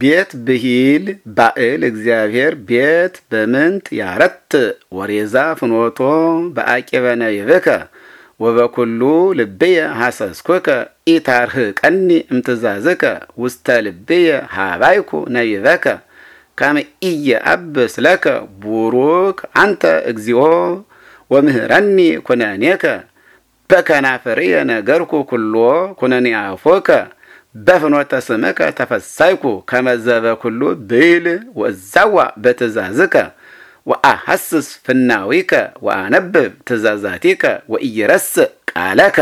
ቤት ብሂል ባእል እግዚአብሔር ቤት በምንት ያረት ወሬዛ ፍኖቶ በአቂበነ ይብከ ወበኩሉ ልብየ ሐሰስኩከ ቀኒ እምትዛዝከ ውስተ ልብየ ሃባይኩ ነይበከ ካመ ኢየአብስ ለከ ቡሩክ አንተ እግዚኦ ወምህረኒ ኩነኔከ በከናፈርየ ነገርኩ ኩሎ ኩነኔ አፎከ በፍኖተ ስምከ ተፈሳይኩ ከመዘበ ኩሉ ብይል ወዛዋ በትእዛዝከ ወአሐስስ ፍናዊከ ወአነብብ ትእዛዛቲከ ወኢይረስእ ቃለከ